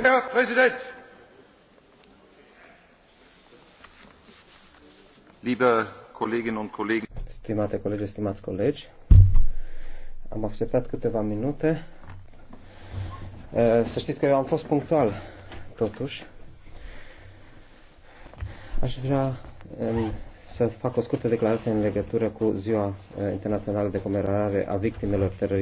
Herr Präsident! Liebe Kolleginnen und Kollegen! Stimate colegi, stimați colegi, am așteptat câteva minute. Eh, să știți că eu am fost punctual, totuși. Aș vrea să fac o scurtă declarație în legătură cu Ziua eh, Internațională de Comemorare a Victimelor Terorismului.